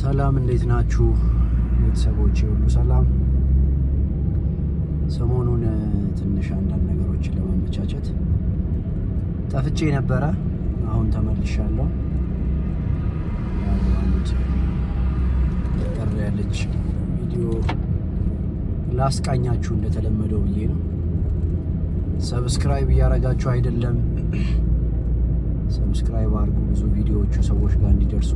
ሰላም እንዴት ናችሁ ቤተሰቦች? ሁሉ ሰላም። ሰሞኑን ትንሽ አንዳንድ ነገሮችን ለማመቻቸት ጠፍቼ ነበረ። አሁን ተመልሻለሁ። ቀር ያለች ቪዲዮ ላስቃኛችሁ እንደተለመደው ብዬ ነው። ሰብስክራይብ እያረጋችሁ አይደለም። ሰብስክራይብ አድርጉ፣ ብዙ ቪዲዮዎቹ ሰዎች ጋር እንዲደርሱ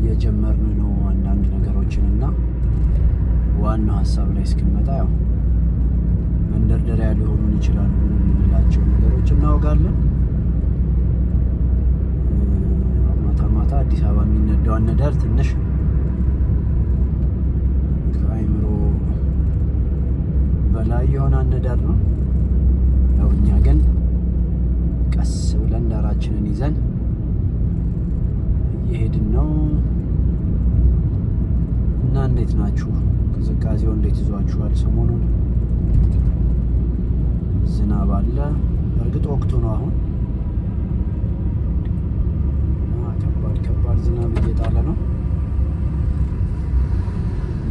እየጀመርን ነው አንዳንድ ነገሮችን እና ዋናው ሀሳብ ላይ እስክንመጣ ያው መንደርደሪያ ሊሆኑን ይችላሉ የምንላቸው ነገሮች እናወጋለን። ማታ ማታ አዲስ አበባ የሚነዳው አነዳር ትንሽ ከአይምሮ በላይ የሆነ አነዳር ነው። ያው እኛ ግን ቀስ ብለን ዳራችንን ይዘን እየሄድን ነው እና እንዴት ናችሁ? ቅዝቃዜው እንዴት ይዟችኋል? ሰሞኑን ዝናብ አለ። እርግጥ ወቅቱ ነው አሁን ከባድ ከባድ ዝናብ እየጣለ ነው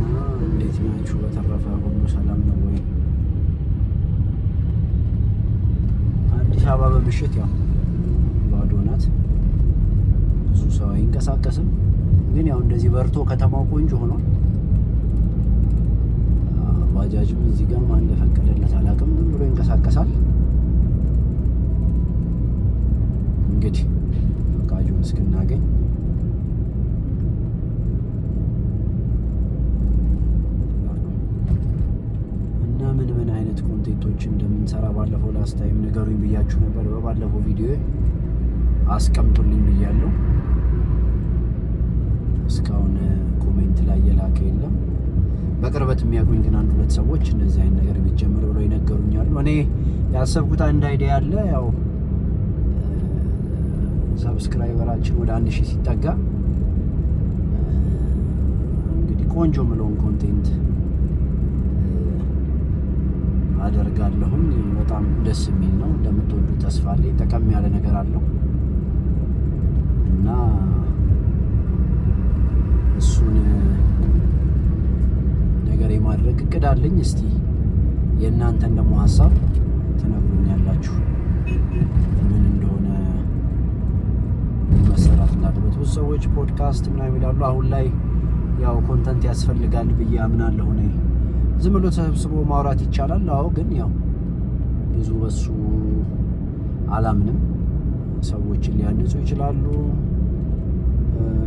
እና እንዴት ናችሁ? በተረፈ ሁሉ ሰላም ነው ወይ? አዲስ አበባ በምሽት ያው ባዶ ናት። ሰው አይንቀሳቀስም። ግን ያው እንደዚህ በርቶ ከተማው ቆንጆ ሆኗል። ባጃጅም እዚህ ጋር ማን እንደፈቀደለት አላውቅም፣ ዝም ብሎ ይንቀሳቀሳል። እንግዲህ ፈቃጁን እስክናገኝ እና ምን ምን አይነት ኮንቴንቶች እንደምንሰራ ባለፈው ላስታይም ነገሩኝ ብያችሁ ነበር። በባለፈው ቪዲዮ አስቀምጡልኝ ብያለሁ። እስካሁን ኮሜንት ላይ የላከ የለም። በቅርበት የሚያውቁኝ ግን አንድ ሁለት ሰዎች እንደዚህ አይነት ነገር የሚጀምር ብለው ይነገሩኛሉ። እኔ ያሰብኩት አንድ አይዲያ ያለ ያው ሰብስክራይበራችን ወደ አንድ ሺህ ሲጠጋ እንግዲህ ቆንጆ ምለውን ኮንቴንት አደርጋለሁም። በጣም ደስ የሚል ነው። እንደምትወዱ ተስፋ አለኝ። ጠቀም ያለ ነገር አለው እና እሱን ነገር የማድረግ እቅድ አለኝ። እስቲ የእናንተን ደግሞ ሀሳብ ትነግሩኛላችሁ ምን እንደሆነ መሰራት እንዳለበት። ብዙ ሰዎች ፖድካስት ምናምን ይላሉ። አሁን ላይ ያው ኮንተንት ያስፈልጋል ብዬ አምናለሁ። እኔ ዝም ብሎ ተሰብስቦ ማውራት ይቻላል። አዎ፣ ግን ያው ብዙ በሱ አላምንም። ሰዎችን ሊያንጹ ይችላሉ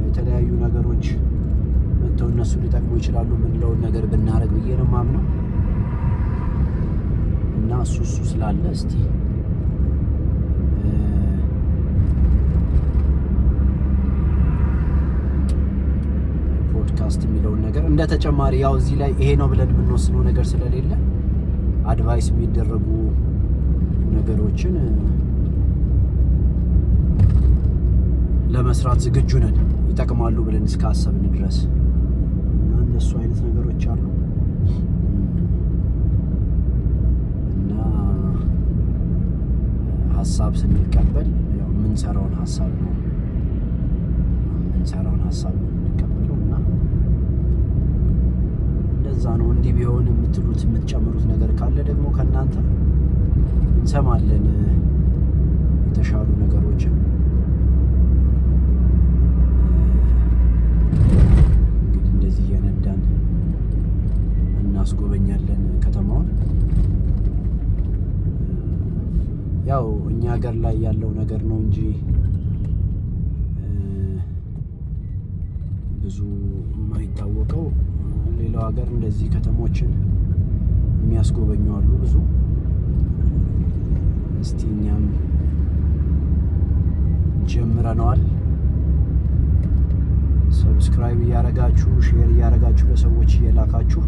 የተለያዩ ነገሮች መጥተው እነሱ ሊጠቅሙ ይችላሉ የምንለውን ነገር ብናደርግ ብዬ ነው ማምነው እና እሱ እሱ ስላለ እስቲ ፖድካስት የሚለውን ነገር እንደ ተጨማሪ ያው እዚህ ላይ ይሄ ነው ብለን የምንወስነው ነገር ስለሌለ አድቫይስ የሚደረጉ ነገሮችን ለመስራት ዝግጁ ነን፣ ይጠቅማሉ ብለን እስከ አሰብን ድረስ የምንሰራውን ሀሳብ ነው የምንሰራውን ሀሳብ ነው የምንቀበለው እና እንደዛ ነው። እንዲህ ቢሆን የምትሉት የምትጨምሩት ነገር ካለ ደግሞ ከእናንተ እንሰማለን የተሻሉ ነገሮችን ያው እኛ ሀገር ላይ ያለው ነገር ነው እንጂ ብዙ የማይታወቀው ሌላው ሀገር እንደዚህ ከተሞችን የሚያስጎበኙ አሉ ብዙ። እስቲ እኛም ጀምረነዋል። ሰብስክራይብ እያረጋችሁ ሼር እያረጋችሁ ለሰዎች እየላካችሁ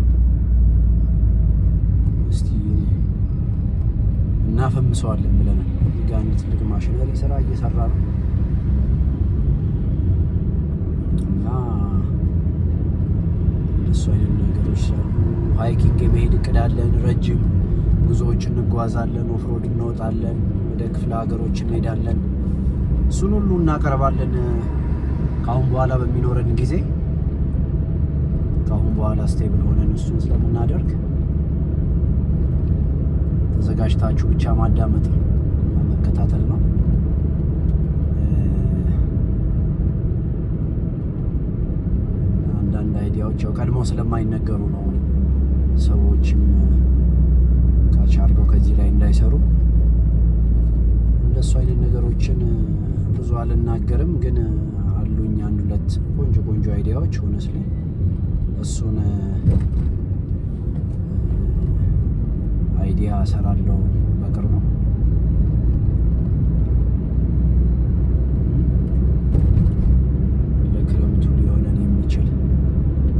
እስቲ እናፈምሰዋለን ብለናል። ጋር አንድ ትልቅ ማሽነሪ ስራ እየሰራ ነው እና እሱ አይነት ነገሮች ሰሩ። ሀይኪንግ የመሄድ እቅዳለን። ረጅም ጉዞዎች እንጓዛለን። ኦፍሮድ እንወጣለን። ወደ ክፍለ ሀገሮች እንሄዳለን። እሱን ሁሉ እናቀርባለን። ከአሁን በኋላ በሚኖረን ጊዜ ከአሁን በኋላ ስቴብል ሆነን እሱን ስለምናደርግ ተዘጋጅታችሁ ብቻ ማዳመጥ ነው መከታተል ነው። አንዳንድ አይዲያዎች ያው ቀድሞ ስለማይነገሩ ነው ሰዎችም ካች አድርገው ከዚህ ላይ እንዳይሰሩ እንደሱ አይነት ነገሮችን ብዙ አልናገርም፣ ግን አሉኝ አንድ ሁለት ቆንጆ ቆንጆ አይዲያዎች ሆነስልኝ እሱን ሚዲያ ሰራለው በቅርቡ ለክረምቱ ሊሆነን የሚችል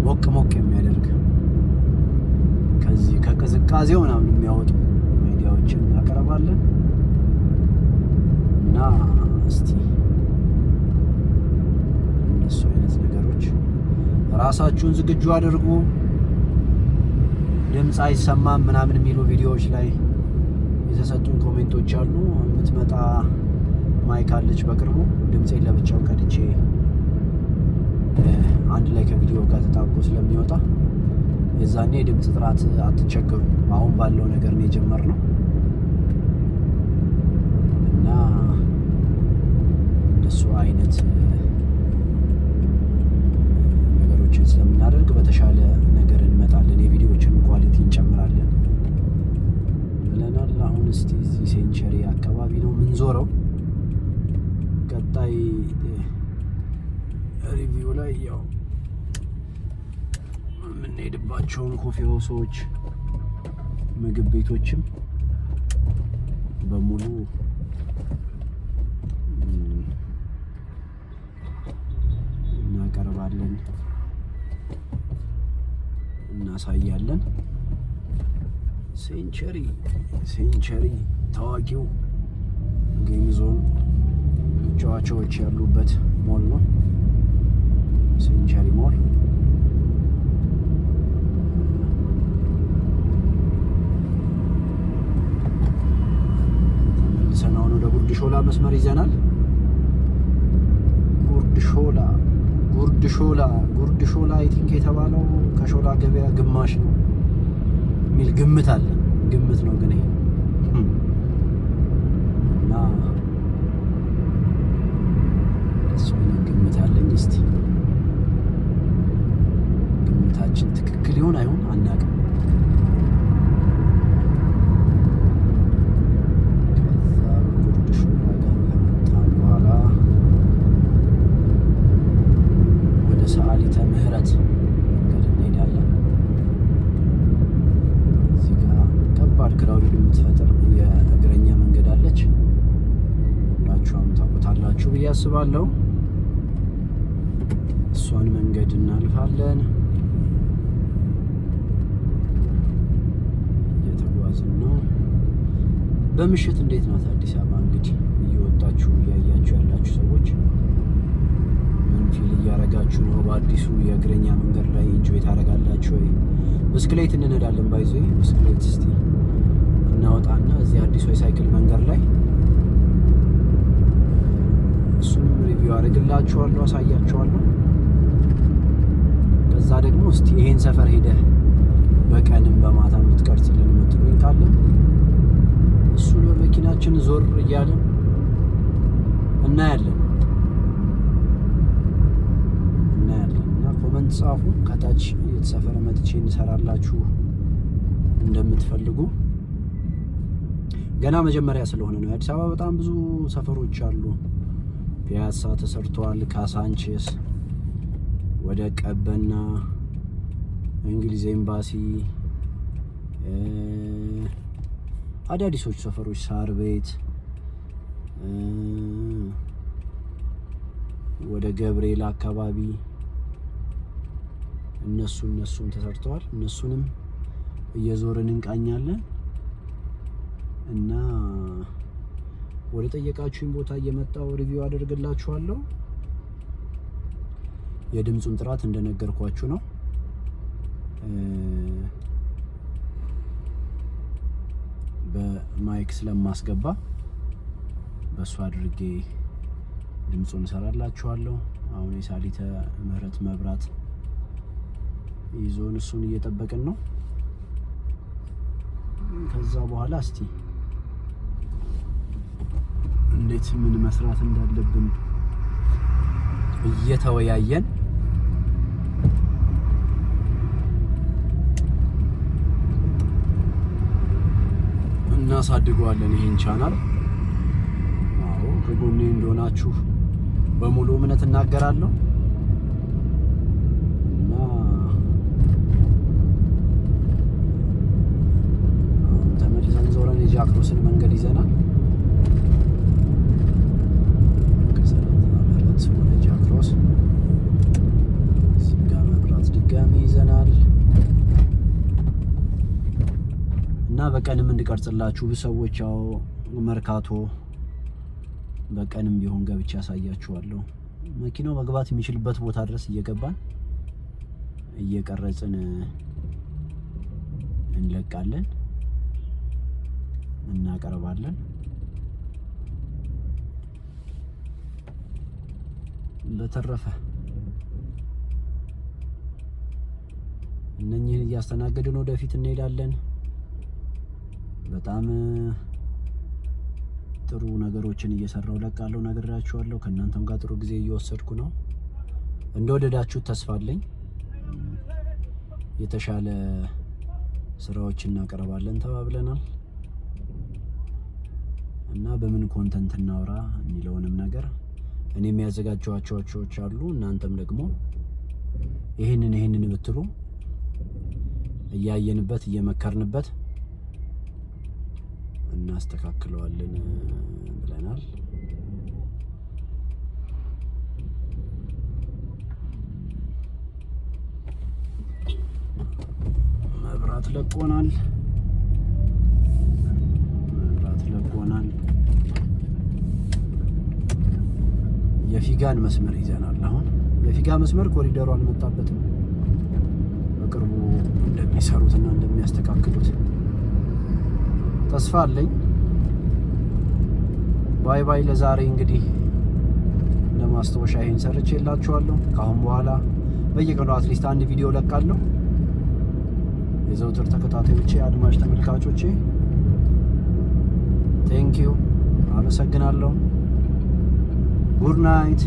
ሞቅ ሞቅ የሚያደርግ ከዚህ ከቅዝቃዜው ምናምን የሚያወጡ ሚዲያዎችን እናቀርባለን እና እስቲ እነሱ አይነት ነገሮች ራሳችሁን ዝግጁ አድርጉ። ድምፅ አይሰማም ምናምን የሚሉ ቪዲዮዎች ላይ የተሰጡን ኮሜንቶች አሉ። የምትመጣ ማይክ አለች በቅርቡ ድምፄን ለብቻው ቀድቼ አንድ ላይ ከቪዲዮ ጋር ተጣብቆ ስለሚወጣ የዛኔ የድምፅ ጥራት አትቸገሩ። አሁን ባለው ነገር ነው የጀመርነው እና እንደሱ አይነት ነገሮችን ስለምናደርግ በተሻለ ነገር እንመጣለን፣ የቪዲዮዎችን ኳሊቲ እንጨምራለን ብለናል። አሁን እስቲ እዚህ ሴንቸሪ አካባቢ ነው ምንዞረው ቀጣይ ሪቪው ላይ ያው የምንሄድባቸውን ኮፊ ሃውሶች፣ ምግብ ቤቶችም በሙሉ እናቀርባለን። እናሳያለን። ሴንቸሪ ሴንቸሪ ታዋቂው ጌም ዞን መጫወቻዎች ያሉበት ሞል ነው። ሴንቸሪ ሞል ተመልሰን አሁን ወደ ጉርድ ሾላ መስመር ይዘናል። ጉርድ ሾላ ጉርድ ሾላ ጉርድ ሾላ አይ ቲንክ የተባለው ከሾላ ገበያ ግማሽ ነው የሚል ግምት አለ። ግምት ነው ግን ይሄ እና እሱ ግምት አለኝ። እስቲ ግምታችን ትክክል ይሆን አይሆን አናውቅም። ምህረት መንገድ እንሄዳለን። እዚህ ጋ ከባድ ክራውድ የምትፈጥር የእግረኛ መንገድ አለች። ሁላችሁም ታውቁታላችሁ ብዬ አስባለሁ። እሷን መንገድ እናልፋለን። እየተጓዝን ነው። በምሽት እንዴት ናት አዲስ አበባ? እንግዲህ እየወጣችሁ እያያችሁ ያላችሁ ሰዎች ፊል እያረጋችሁ ነው? በአዲሱ የእግረኛ መንገድ ላይ ኢንጆይ ታደርጋላችሁ ወይ? ብስክሌት እንነዳለን። ባይዞ ብስክሌት እስቲ እናወጣና እዚህ አዲሱ የሳይክል መንገድ ላይ እሱም ሪቪው አደርግላችኋለሁ፣ አሳያችኋለሁ። ከዛ ደግሞ እስቲ ይሄን ሰፈር ሄደህ በቀንም በማታ የምትቀርጽልን የምትሉኝ ካለ እሱ በመኪናችን ዞር እያለን እናያለን። ኮመንት ጻፉ። ከታች የተሰፈረ መጥቼ እንሰራላችሁ እንደምትፈልጉ። ገና መጀመሪያ ስለሆነ ነው። የአዲስ አበባ በጣም ብዙ ሰፈሮች አሉ። ፒያሳ ተሰርቷል ካሳንቼስ ወደ ቀበና እንግሊዝ ኤምባሲ፣ አዳዲሶች ሰፈሮች ሳር ቤት ወደ ገብርኤል አካባቢ እነሱ እነሱም ተሰርተዋል። እነሱንም እየዞርን እንቃኛለን እና ወደ ጠየቃችሁኝ ቦታ እየመጣው ሪቪው አደርግላችኋለሁ። የድምፁን ጥራት እንደነገርኳችሁ ነው። በማይክ ስለማስገባ በእሱ አድርጌ ድምፁን እሰራላችኋለሁ። አሁን የሳሊተ ምህረት መብራት ይዞን እሱን እየጠበቅን ነው። ከዛ በኋላ እስቲ እንዴት ምን መስራት እንዳለብን እየተወያየን እናሳድገዋለን ይህን ቻናል። አዎ ከጎኔ እንደሆናችሁ በሙሉ እምነት እናገራለሁ። የልጅ መንገድ ይዘናል። ድጋሚ ይዘናል እና በቀንም እንድቀርጽላችሁ ብሰዎች ሰዎች ያው መርካቶ በቀንም ቢሆን ገብቼ ያሳያችኋለሁ። መኪናው መግባት የሚችልበት ቦታ ድረስ እየገባን እየቀረጽን እንለቃለን። እናቀርባለን። በተረፈ እነኚህን እያስተናገድን ወደፊት እንሄዳለን። በጣም ጥሩ ነገሮችን እየሰራው ለቃለሁ፣ ነግራችኋለሁ። ከእናንተም ጋር ጥሩ ጊዜ እየወሰድኩ ነው። እንደወደዳችሁ ተስፋ አለኝ። የተሻለ ስራዎች እናቀርባለን ተባብለናል። እና በምን ኮንተንት እናውራ የሚለውንም ነገር እኔ የሚያዘጋጀዋቸው ዎችዎች አሉ። እናንተም ደግሞ ይህንን ይህንን ብትሉ እያየንበት እየመከርንበት እናስተካክለዋለን ብለናል። መብራት ለቆናል። የፊጋን መስመር ይዘናል። አሁን የፊጋ መስመር ኮሪደሩ አልመጣበትም። በቅርቡ እንደሚሰሩትና እንደሚያስተካክሉት ተስፋ አለኝ። ባይ ባይ። ለዛሬ እንግዲህ ለማስታወሻ ይሄን ሰርቼ የላችኋለሁ። ከአሁን በኋላ በየቀኑ አትሊስት አንድ ቪዲዮ ለቃለሁ። የዘውትር ተከታታዮቼ፣ አድማጭ ተመልካቾቼ ቴንኪዩ፣ አመሰግናለሁ። Good night.